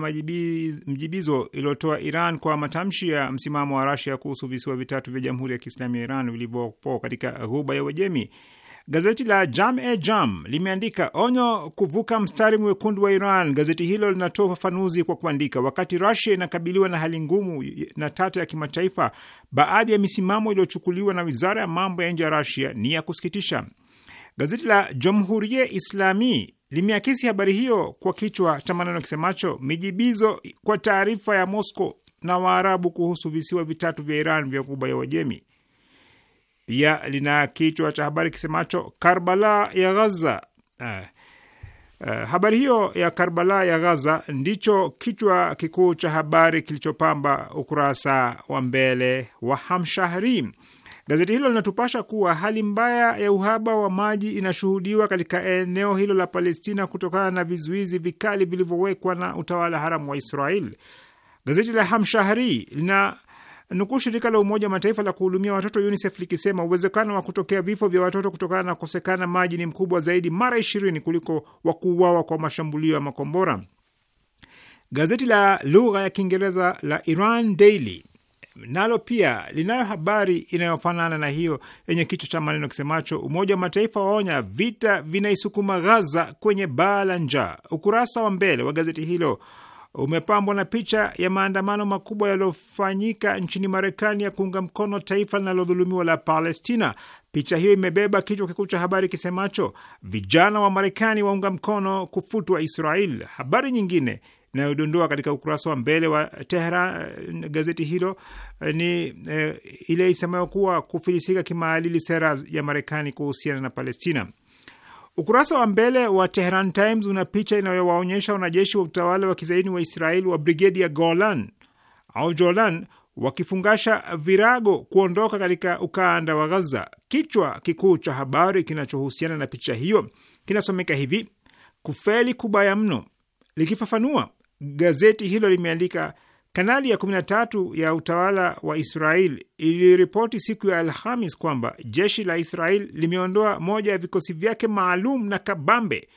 mjibizo iliyotoa Iran kwa matamshi ya msimamo wa Rasia kuhusu visiwa vitatu vya Jamhuri ya Kiislamu ya Iran vilivyopo katika Ghuba ya Uajemi. Gazeti la Jam e Jam limeandika onyo kuvuka mstari mwekundu wa Iran. Gazeti hilo linatoa ufafanuzi kwa kuandika, wakati Rasia inakabiliwa na hali ngumu na tata ya kimataifa, baadhi ya misimamo iliyochukuliwa na wizara ya mambo ya nje ya Rasia ni ya kusikitisha. Gazeti la Jamhurie Islami limeakisi habari hiyo kwa kichwa cha maneno kisemacho mijibizo kwa taarifa ya Mosco na Waarabu kuhusu visiwa vitatu vya Iran vya Ghuba ya Uajemi. Pia lina kichwa cha habari kisemacho Karbala ya Ghaza. Uh, uh, habari hiyo ya Karbala ya Ghaza ndicho kichwa kikuu cha habari kilichopamba ukurasa wa mbele wa Hamshahrim Gazeti hilo linatupasha kuwa hali mbaya ya uhaba wa maji inashuhudiwa katika eneo hilo la Palestina kutokana na vizuizi vikali vilivyowekwa na utawala haramu wa Israel. Gazeti la Hamshahri lina nukuu shirika la Umoja wa Mataifa la kuhudumia watoto UNICEF likisema uwezekano wa kutokea vifo vya watoto kutokana na kukosekana maji ni mkubwa zaidi mara ishirini kuliko wa kuuawa kwa mashambulio ya makombora. Gazeti la lugha ya Kiingereza la Iran Daily nalo pia linayo habari inayofanana na hiyo yenye kichwa cha maneno kisemacho Umoja wa Mataifa waonya vita vinaisukuma Gaza kwenye baa la njaa. Ukurasa wa mbele wa gazeti hilo umepambwa na picha ya maandamano makubwa yaliyofanyika nchini Marekani ya kuunga mkono taifa linalodhulumiwa la Palestina. Picha hiyo imebeba kichwa kikuu cha habari kisemacho vijana wa Marekani waunga mkono kufutwa Israel. Habari nyingine inayodondoa katika ukurasa wa mbele wa Tehran eh, gazeti hilo eh, ni eh, ile isemayo kuwa kufilisika kimaadili sera ya Marekani kuhusiana na Palestina. Ukurasa wa mbele wa Tehran Times una picha inayowaonyesha wanajeshi wa utawala wa kizaini wa Israeli wa brigedi ya Golan au Jolan wakifungasha virago kuondoka katika ukanda wa Gaza. Kichwa kikuu cha habari kinachohusiana na picha hiyo kinasomeka hivi: kufeli kubaya mno. Likifafanua, gazeti hilo limeandika kanali ya 13 ya utawala wa Israel iliripoti siku ya Alhamis kwamba jeshi la Israel limeondoa moja ya vikosi vyake maalum na kabambe,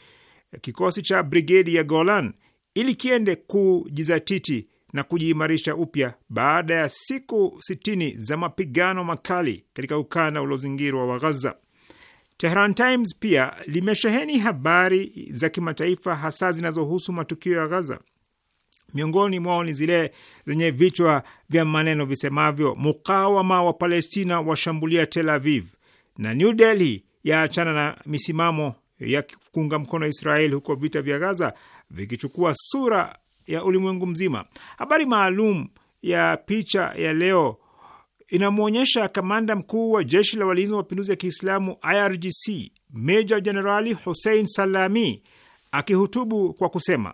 kikosi cha brigedi ya Golan, ili kiende kujizatiti na kujiimarisha upya baada ya siku 60 za mapigano makali katika ukanda uliozingirwa wa ghaza Tehran Times pia limesheheni habari za kimataifa hasa zinazohusu matukio ya ghaza Miongoni mwao ni zile zenye vichwa vya maneno visemavyo mukawama wa Palestina washambulia Tel Aviv na New Delhi yaachana na misimamo ya kuunga mkono Israeli, huko vita vya Gaza vikichukua sura ya ulimwengu mzima. Habari maalum ya picha ya leo inamwonyesha kamanda mkuu wa jeshi la walinzi wa mapinduzi ya Kiislamu IRGC Meja Jenerali Hussein Salami akihutubu kwa kusema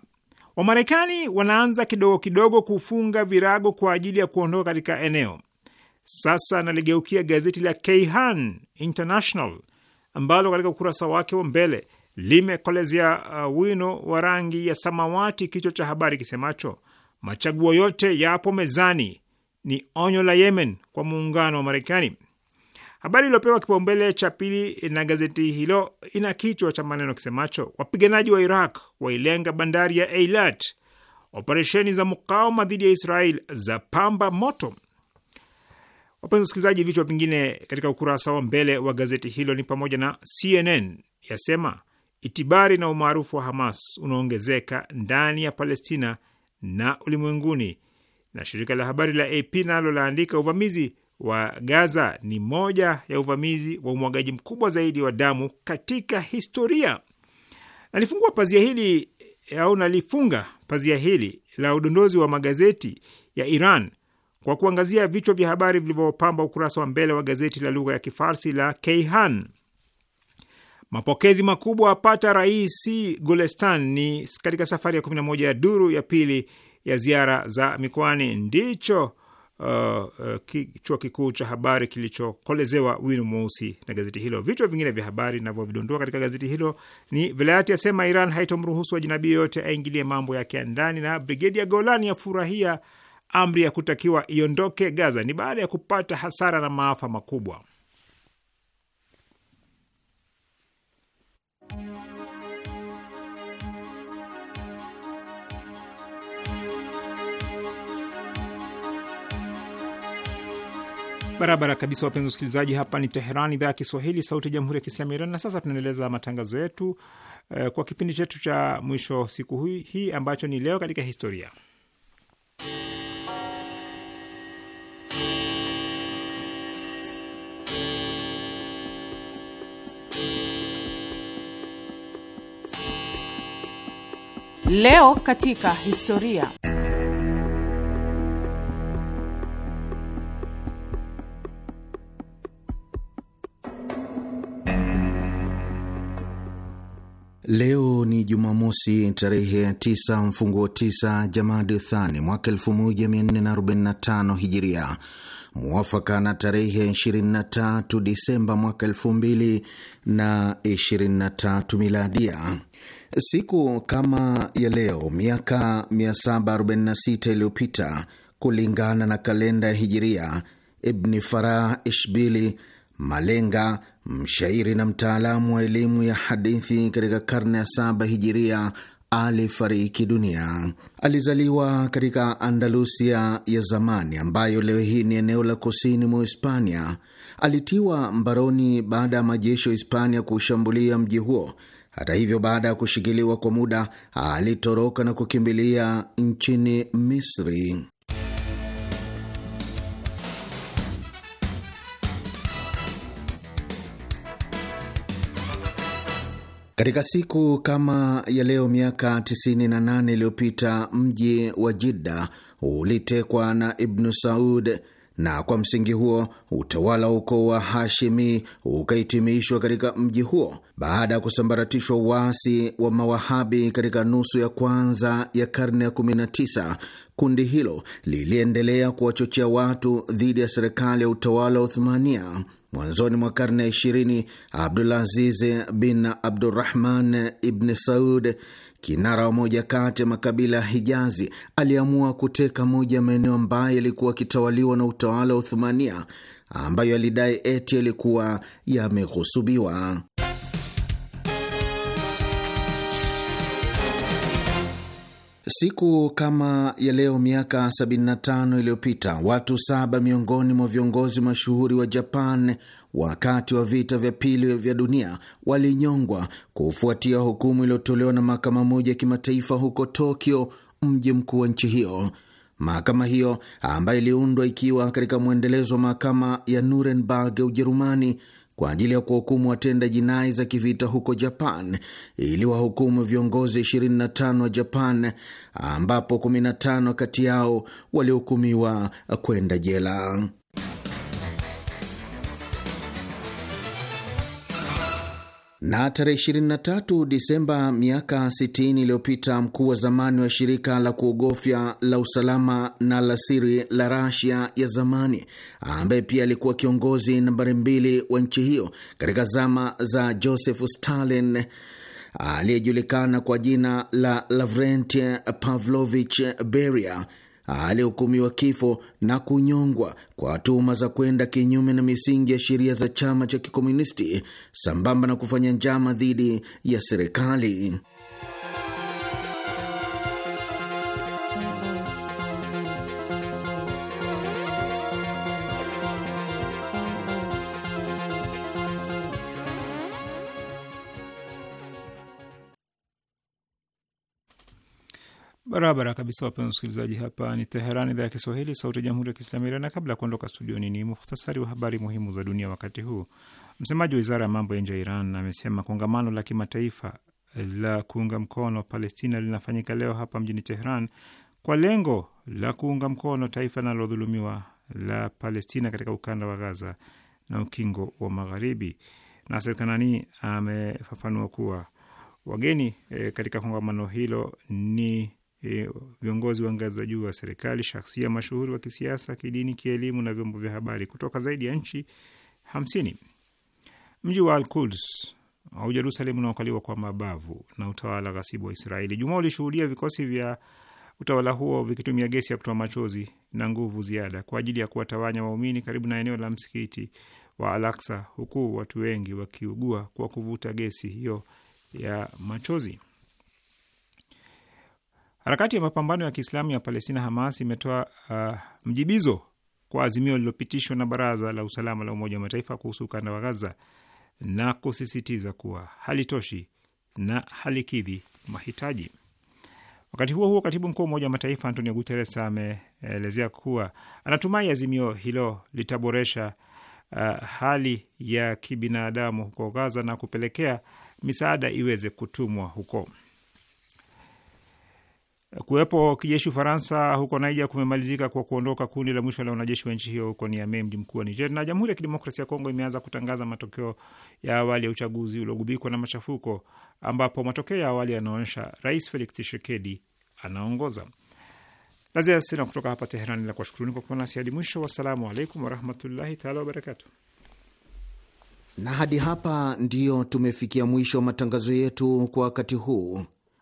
Wamarekani wanaanza kidogo kidogo kufunga virago kwa ajili ya kuondoka katika eneo. Sasa naligeukia gazeti la Keihan International ambalo katika ukurasa wake wa mbele limekolezea uh, wino wa rangi ya samawati kichwa cha habari kisemacho machaguo yote yapo mezani, ni onyo la Yemen kwa muungano wa Marekani. Habari iliyopewa kipaumbele cha pili na gazeti hilo ina kichwa cha maneno kisemacho wapiganaji wa Iraq wailenga bandari ya Eilat, operesheni za mukawama dhidi ya Israel za pamba moto. Wapenzi wasikilizaji, vichwa vingine katika ukurasa wa mbele wa gazeti hilo ni pamoja na CNN yasema itibari na umaarufu wa Hamas unaongezeka ndani ya Palestina na ulimwenguni, na shirika la habari la AP nalo laandika uvamizi wa Gaza ni moja ya uvamizi wa umwagaji mkubwa zaidi wa damu katika historia. Nalifungua pazia hili au nalifunga pazia hili la udondozi wa magazeti ya Iran kwa kuangazia vichwa vya habari vilivyopamba ukurasa wa mbele wa gazeti la lugha ya Kifarsi la Kayhan. Mapokezi makubwa apata Raisi Golestan ni katika safari ya 11 ya duru ya pili ya ziara za mikoani, ndicho uh, uh kikuu cha habari kilichokolezewa wino mweusi na gazeti hilo. Vichwa vingine vya habari vinavyovidondoa katika gazeti hilo ni vilayati asema Iran haitomruhusu ajinabii yoyote aingilie mambo yake ya ndani, na brigedi ya Golani yafurahia amri ya kutakiwa iondoke Gaza. Ni baada ya kupata hasara na maafa makubwa. barabara kabisa, wapenzi wasikilizaji, hapa ni Teheran, idhaa ya Kiswahili, sauti ya jamhuri ya kiislamu ya Iran. Na sasa tunaendeleza matangazo yetu eh, kwa kipindi chetu cha mwisho siku hii ambacho ni leo katika historia. Leo katika historia Leo ni Jumamosi tarehe ya tisa mfunguo tisa Jamadi Thani mwaka 1445 Hijiria, mwafaka na tarehe 23 Disemba mwaka 2023 Miladia. Siku kama ya leo miaka 746 iliyopita kulingana na kalenda ya Hijiria, Ibni Farah Ishbili malenga, mshairi na mtaalamu wa elimu ya hadithi katika karne ya saba hijiria alifariki dunia. Alizaliwa katika Andalusia ya zamani ambayo leo hii ni eneo la kusini mwa Hispania. Alitiwa mbaroni baada ya majeshi ya Hispania kushambulia mji huo. Hata hivyo, baada ya kushikiliwa kwa muda, alitoroka na kukimbilia nchini Misri. Katika siku kama ya leo miaka 98 iliyopita mji wa Jidda ulitekwa na Ibnu Saud, na kwa msingi huo utawala uko wa Hashimi ukahitimishwa katika mji huo baada ya kusambaratishwa uasi wa Mawahabi katika nusu ya kwanza ya karne ya 19. Kundi hilo liliendelea kuwachochea watu dhidi ya serikali ya utawala wa Uthmania. Mwanzoni mwa karne ya ishirini, Abdulaziz bin Abdurahman ibn Saud, kinara wa moja kati ya makabila ya Hijazi, aliamua kuteka moja ya maeneo ambayo yalikuwa akitawaliwa na utawala wa Uthumania, ambayo alidai eti yalikuwa yameghusubiwa. Siku kama ya leo miaka 75 iliyopita watu saba miongoni mwa viongozi mashuhuri wa Japan wakati wa vita vya pili vya dunia walinyongwa kufuatia hukumu iliyotolewa na mahakama moja ya kimataifa huko Tokyo, mji mkuu wa nchi hiyo. Mahakama hiyo ambayo iliundwa ikiwa katika mwendelezo wa mahakama ya Nuremberg ya Ujerumani kwa ajili ya kuhukumu watenda jinai za kivita huko Japan ili wahukumu viongozi 25 wa Japan, ambapo 15 kati yao walihukumiwa kwenda jela. Na tarehe 23 Disemba miaka 60 iliyopita, mkuu wa zamani wa shirika la kuogofya la usalama na la siri la Rasia ya zamani ambaye pia alikuwa kiongozi nambari mbili wa nchi hiyo katika zama za Joseph Stalin aliyejulikana kwa jina la Lavrent Pavlovich Beria alihukumiwa kifo na kunyongwa kwa tuhuma za kwenda kinyume na misingi ya sheria za chama cha Kikomunisti sambamba na kufanya njama dhidi ya serikali. Barabara kabisa, wapenzi wasikilizaji, hapa ni Teheran, idhaa ya Kiswahili, sauti ya jamhuri ya kiislamu Iran. Na kabla ya kuondoka studioni, ni muhtasari wa habari muhimu za dunia wakati huu. Msemaji wa wizara ya mambo ya nje ya Iran amesema kongamano la kimataifa la kuunga mkono Palestina linafanyika leo hapa mjini Teheran kwa lengo la kuunga mkono taifa linalodhulumiwa la Palestina katika ukanda wa Gaza na ukingo wa Magharibi. Naser Kanani amefafanua kuwa wageni e, katika kongamano hilo ni e, viongozi wa ngazi za juu wa serikali, shahsia mashuhuri wa kisiasa, kidini, kielimu na vyombo vya habari kutoka zaidi ya nchi hamsini. Mji wa Al-Quds au Jerusalemu unaokaliwa kwa mabavu na utawala ghasibu wa Israeli Jumaa ulishuhudia vikosi vya utawala huo vikitumia gesi ya kutoa machozi na nguvu ziada kwa ajili ya kuwatawanya waumini karibu na eneo la msikiti wa Al-Aqsa, huku watu wengi wakiugua kwa kuvuta gesi hiyo ya machozi. Harakati ya mapambano ya Kiislamu ya Palestina, Hamas, imetoa uh, mjibizo kwa azimio lililopitishwa na Baraza la Usalama la Umoja wa Mataifa kuhusu ukanda wa Gaza na kusisitiza kuwa halitoshi na halikidhi mahitaji. Wakati huo huo, katibu mkuu wa Umoja wa Mataifa Antonio Guterres ameelezea kuwa anatumai azimio hilo litaboresha uh, hali ya kibinadamu huko Gaza na kupelekea misaada iweze kutumwa huko. Kuwepo kijeshi Ufaransa huko Naija kumemalizika kwa kuondoka kundi la mwisho la wanajeshi wa nchi hiyo huko Niamey, mji mkuu wa Niger. Na Jamhuri ya Kidemokrasia ya Kongo imeanza kutangaza matokeo ya awali ya uchaguzi uliogubikwa na machafuko, ambapo matokeo ya awali yanaonyesha Rais Felix Tshisekedi anaongoza. Lazia sina kutoka hapa Teherani la kuwashukuruni kwa kuwa nasi hadi mwisho. Wassalamu alaikum warahmatullahi taala wabarakatu. Na hadi hapa ndiyo tumefikia mwisho wa matangazo yetu kwa wakati huu.